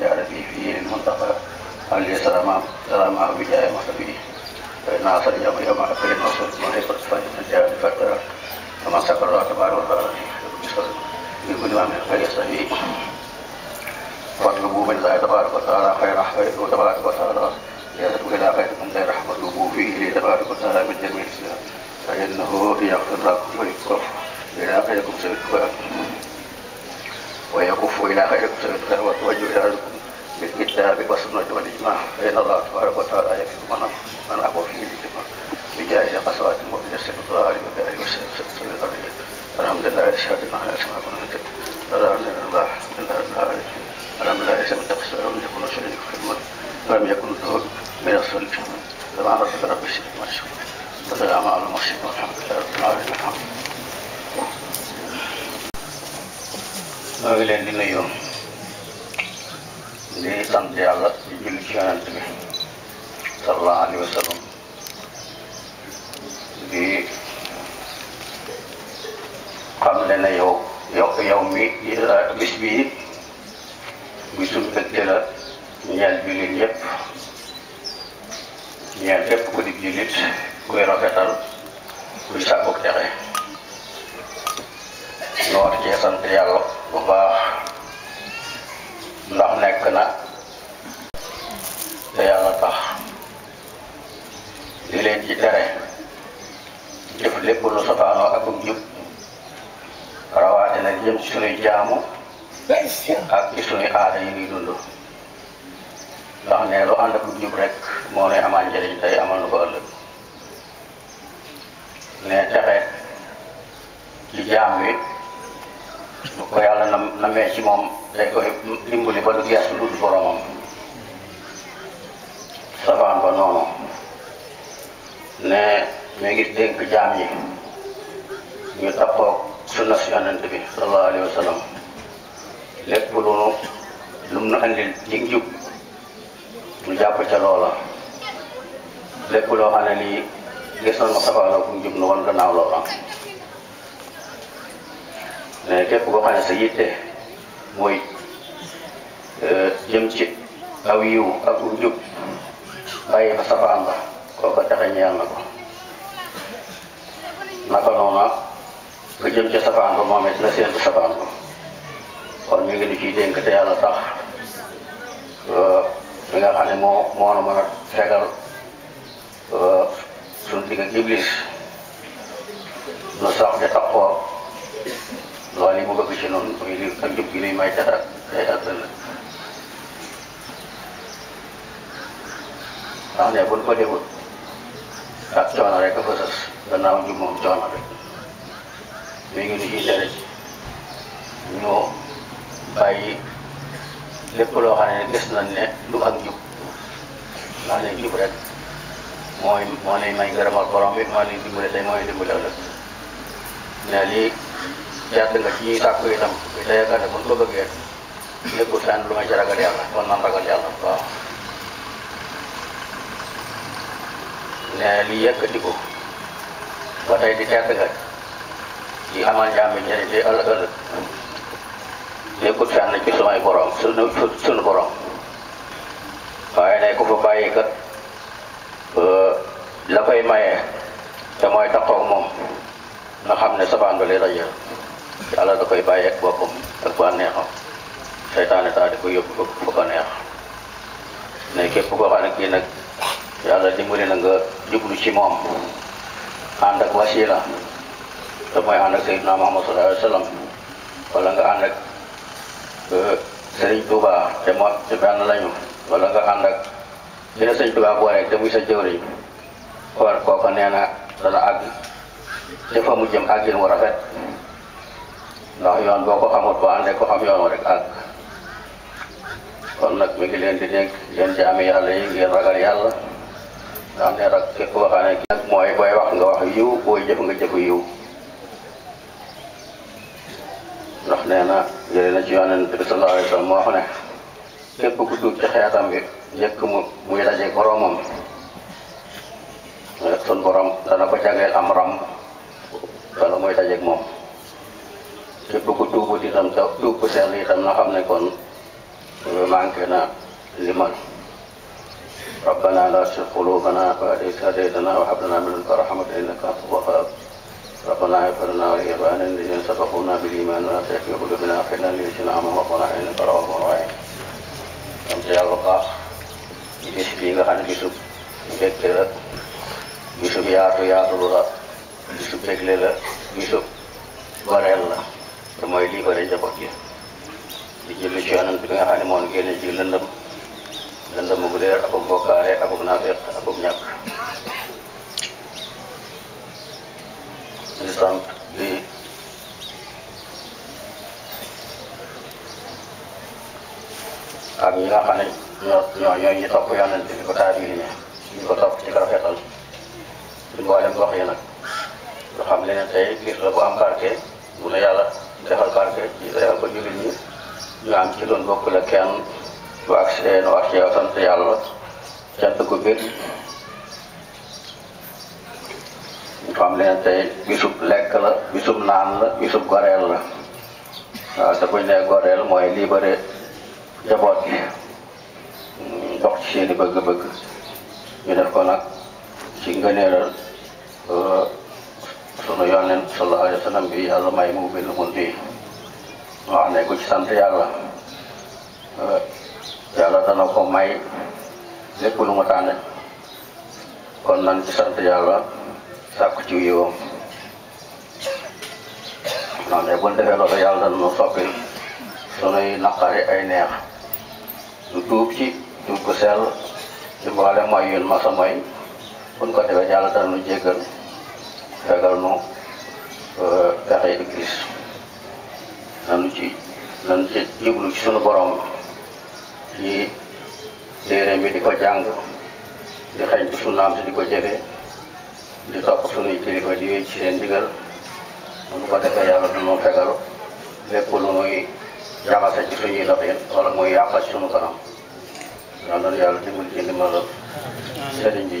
جعل فيه في المنطقة أن يسرى ما سرى معه بداية مكبيه فإن عصر يوم يوم عقل وصل ما هي قد فجد جاء فترة كما سكر الله تبارك وتعالى بكل ما من خير صحيح واطلبوا من الله تبارك وتعالى خير حفظه تبارك وتعالى يهدوا إلى خيركم غير رحمته فيه تبارك وتعالى من جميع السلام فإنه يغفر لكم ويكفر إلى خيركم سبحانه ويكف إلى خيركم سبحانه وتوجه السنة والإجماع فإن الله تبارك وتعالى يكفر من من أبو فيه الإجماع بجاه قصرات المؤمن يسلم الظاهر وبآله وسلم الحمد لله أشهد أن لا إله إلا الله الله الحمد لله يسلم التقصير ولم يكن شريك في الملك ولم يكن له من الصلح سبحان ربك رب الشرك والشكر وسلام على المرسلين والحمد لله رب العالمين الحمد لله ñu sant yàlla di julli ci yonent bi sallallahu alayhi wa sallam di xam ne na yow yow yow mi bis bii bisu mbégte la ñeel jullit yépp ñeel képp ku di jullit kuy rafetal kuy sàkku texe noor cee sant yàlla bu ndax nekk na te yàlla tax li leen ci tere jëf lépp lu safaanoo ak jub rawaate na jëm sunuy jaamu ak sunuy aada yi ñuy dund ndax ne lu ànd ak jub rek moo ne amaan njëriñ tey amal na ko ëllëg ne texe ci jaam wi lu ko yàlla namee ci moom dañ koy dimbali ba du geestu dul boromam safaan ba noonu ne mi ngi dénk jaam yi ñu tappoo sunna si yonent bi sallallahu alayhi wa sallam lépp lu nu lu nu andil ci jàpp ca loola lépp loo xam ne lii gis nañu safaan la ku njub nu woon gannaaw loola ne képp koo xam ne sa moy jëm ci aw yu ak ujub baye ba safa amba ko ko taxa ñaan nako nako nona ko jëm ci safa amba mo met na seen safa amba kon ñu ngi ci denk te yalla tax euh nga xane mo iblis na sax de taqwa loolu yi mu bëgg ci noonu muy li ak jub gi lay may tax ak tey ak ëllëg ndax ne buñ ko defut ah rek a fa sës gannaaw njub moom coono rek mi ngi nu ciy tere ñu bàyyi lépp loo xam ne gis nañ ne du ak jub ndax ne jub rek mooy moo lay may ngërëmal borom bi moo lay dimbale tey mooy dimbale ëllëg ne lii yàgg nga ci sàkku itam bi te yaakaar ne bu ñu ko bëggee nekkul fenn lu ma ci ragal yàlla kon man ragal yàlla waaw ne li yëkkati ko ba tey di tedd nga ci amal jaam bi njëriñ li ëllëg ëllëg nekkul fenn ci sumay borom sunu sunu borom waaye ne ku fa bàyyi kat euh, la koy maye te mooy taxaw moom nga xam ne sabaan ba lay rajo yàlla da koy bàyyi ak boppam ak bànneexam seytaane daal di ko yóbbu ko fu ko neex ne képp koo xam na nga jublu ci moom ànd ak wasila te mooy ànd ak wala nga ànd ak e, Sëriñ Tuubaa te moo te benn lañu wala nga ànd ak dina Sëriñ Tuubaa boo sa jëwriñ koor kooka nee na mu jëm àggin wu ndax yoon boo ko xamut boo àndee ko xam yoon rek ak kon nag mi ngi leen di dénk yéen jaami yàlla yi ngeen ragal yàlla nga xam ne rak képp koo nag mooy booy wax nga wax yiw booy jëf nga jëfu yiw ndax nee na jëlee na ci yonent bi sallallahu alayhi wa moo wax ne képp ku xeetam bi njëkk mu muy daje boromam sun borom dana ko jagleel am ram wala moom képp ku tuubut itam taw tuub bu sell itam na xam ne kon manqué na liman ربنا لا تزغ قلوبنا بعد إذ هديتنا وهب لنا من لدنك رحمة إنك أنت الوهاب ربنا اغفر لنا ولإخواننا الذين سبقونا بالإيمان ولا تجعل في قلوبنا غلا للذين آمنوا ربنا إنك رؤوف رحيم sant yàlla bu baax ci bis bii nga xam ne bisub mbégte la bisub yaatu yaatu la bisub bégle la bisub goreel la te mooy lii bare njaboot gi di julli ci yonent bi nga xam ne moo génne ci lëndëm lëndëm bu leer akub bokkaare akub naafeq akub ñàkk di sant di topp yonent bi ko taal bii ñu ko topp ci rafetal ci mboolem gox yi nag nga xam ne tey gis la bu am barke bu la yàlla. defal barke ci defal ko jullit ñi ñu am ci doon bokk la kenn bu agsee eh, nu war ci yow sant yàlla cant ko biir ñu xam leen bisub lekk la bisub naan la bisub goreel la waaw te buñ nee goreel mooy libéré jaboot bi hmm, dox ci seeni bëgg-bëgg ñu def ko nag ci ngëneelal euh, sunu yonent sallallahu alayhi wa sallam bi yàlla may mu benn bunt ku ci sant yàlla eh, yàlla dana ko may lépp lu mu tànne kon nan ci sant yàlla sàkku ci yiwam noonu ne bu ñu defee loolu yàlla dana nu soppil naqari ay neex lu ci tuub bu sell ci mboole mooy yun ma mooy buñ ko defee yàlla dana nu jéggal fegal nu gaxee di gris nanu ci nanu ci ci sunu borom ci téere bi di ko jàng di xeeñ ci sunnaam si di ko jëfe di topp sunuy kilifa di wéy ci seen digal munu ko defee yàlla dunu fegalu lépp lu muy jaxase ci suñuy doxin wala muy yàqal ci sunu kanam yal na yàlla dimbali ci ndimbal sëriñ bi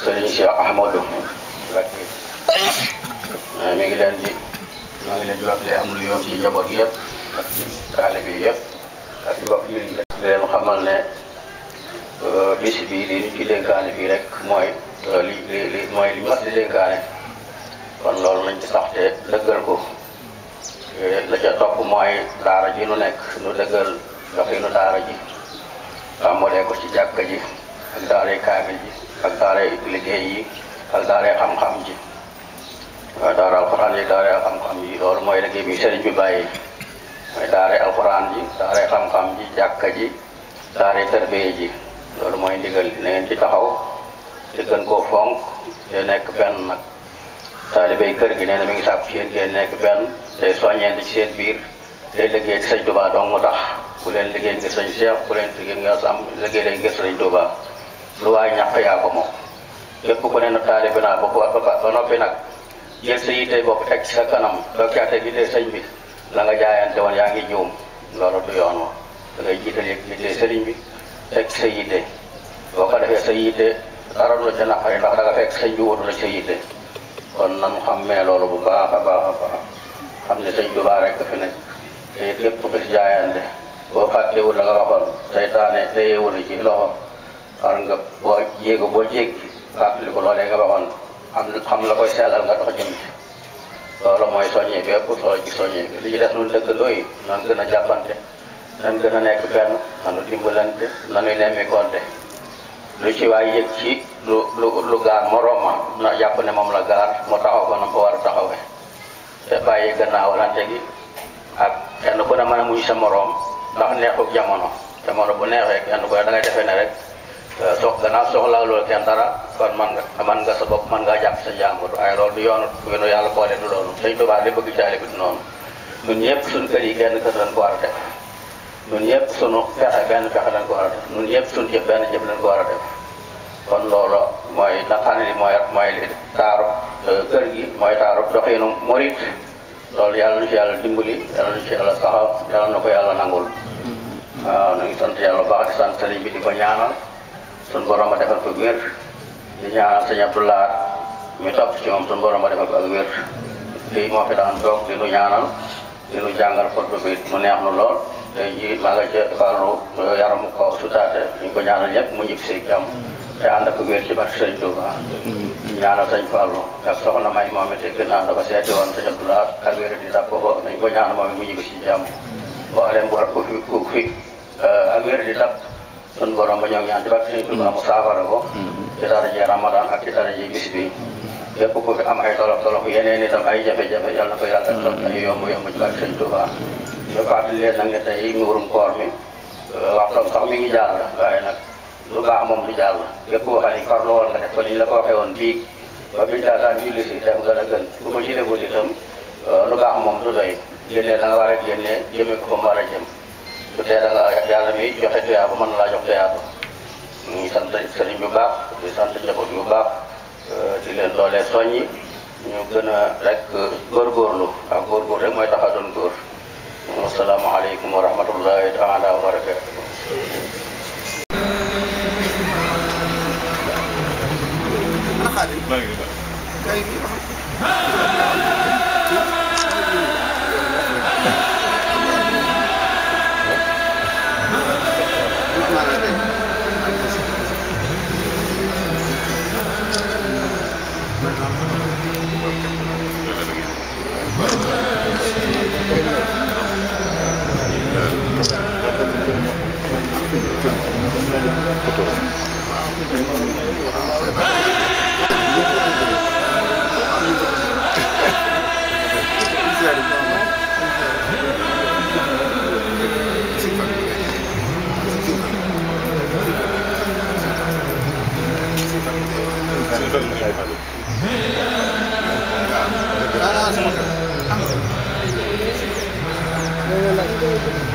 sëriñ Cheikh Ahmadou Mbacké mi ngi leen di mi ngi leen di wax di am lu yoon ci njaboot yëpp ak ci taalibe yëpp ak ci bopp yi di leen xamal ne bis bii li ci dénkaane fii rek mooy li li li mooy li mat di dénkaane kon loolu nañ ci sax te dëggal ko la ca topp mooy daara ji nu nekk nu dëggal doxinu daara ji tàmbalee ko ci jàkka ji ak daaray kaamil ji ak daaray liggéey yi ak xam-xam ji waaw daara alxuraan yi mooy liggéey bi sëriñ bi bàyyi mooy daaray alxuraan ji daaray xam-xam ji jàkka ji daaray tarbiyee ji loolu mooy ndigal na ci taxaw di gën koo fonk te nekk benn nag taalibey kër gi nee na mi ngi sàkku ci yéen ngeen nekk benn tey seen biir tey liggéey di sëñ Tuubaa dong mu tax ku leen liggéey ngir sëñ Cheikh ku leen liggéey ngir am liggéey lu waay ñàkk yaa ko moom képp ku ne na taalibe naa ba ba ba noppi nag jël sa yittey bopp teg ci sa kanam doog caa teg bi la nga jaayante woon yaa ngi juum loolu du yoon wa da ngay jiital yittee sëriñ bi teg sa yitte boo ko defee sa yitte dara du la ca naqari ndax da fekk sëñ bi wutu la sa yitte kon nan xammee loolu bu baax a baax a baax xam ne sëñ bi baax rek fi nekk képp ku ci jaayante boo fàttewul la nga waxoon seytaane téyewul ci loxo war nga boo jéego boo jéggi fàttali ko loolee nga waxoon am xam la koy sellal nga dox jëm ci mooy soññee bi yëpp soo ci soññee bi li ci des noonu dëkkandoo yi nan gën a jàppante nan gën a nekk benn nanu dimbalante nanuy nemmi konte lu ci waay yëg ci lu lu lu gaar moroom na jàpp ne moom la gaar mu taxaw ko ko war a taxawee te bàyyi gannaawalante gi ak kenn ku na mën a muñ sa moroom ndax neexu jamono jamono bu neexee kenn ku ne da ngay defee rek Euh, sox gannaaw soxlaa loolu kenn dara kon man nga man nga sa bopp man ngaa jàpp sa jàmbur waaye loolu du yoonu ku nu yàlla boole du loolu sëñ Tuubaa li bëgg taalibe bi noonu ñun ñëpp suñu kër yi kenn kër lañ ko war a def ñun ñëpp suñu benn pexe lañ ko war a def ñun ñëpp suñu jëf benn jëf lañ ko war a def kon loolu mooy naqane li mooy mooy taaru euh, kër gi mooy taaru doxinu murit loolu yàlla na si yàlla dimbali yàlla na ci yàlla saxal yàlla na ko yàlla nangul mm-hmm. waaw na ngi yàlla baax di sant suñu borom a defal ko wér di ñaanal sëñ Abdoulaye mi topp ci moom suñu borom a defal ko ak wér fii moo fi nu ñaanal di nu jàngal xutba bi mu neex nu lool tey jii maa nga ca fàllu euh, yaramu ko sutaate ñu ko ñaanal ñëpp mu ñibbi si jàmm te ànd ak wér ci barke sëñ Touba ñaanal sëñ Fallou ak soxna May moom it gën naa dafa seeti woon sëñ Abdoulaye ak wér di dàpp ko nañ ko ñaanal moom it mu ñibbi si boo xam ne mu war ko ku fi euh, ak wér di dàpp sun borom ba ñoo ngi di bàq si Touba mu saafara ko. Mm-hmm. ci daraja Ramadan ak ci daraja bis bi. lépp mm-hmm. ku fi am ay tolof tolof yeneen itam ay jafe-jafe yàlla na ko yàlla def tam mm-hmm. ay yomb yomb ci bàq si Touba. ñu fàttali leen nag ne koor mi euh, waxtoom sax mi ngi jàll waaye nag lu baax moom du jàll lépp koo xam ne farlu woon nga def ko ni la ko waxee woon bii ba biñ daataan julli si dem gën a gën ku ko ci defut itam euh, lu baax moom du doy génnee da nga a ku seedal yàlla mi joxe tuyaaba mën na laa jox tuyaaba ñu ngi sant sëriñ bu baax di sant njaboot bu baax euh, di leen loolee soññi ñu gën a rek góorgóorlu ak góorgóor rek mooy tax a góor asalaamaaleykum wa rahmatullahi taala wa barakatuh 来，什么？来。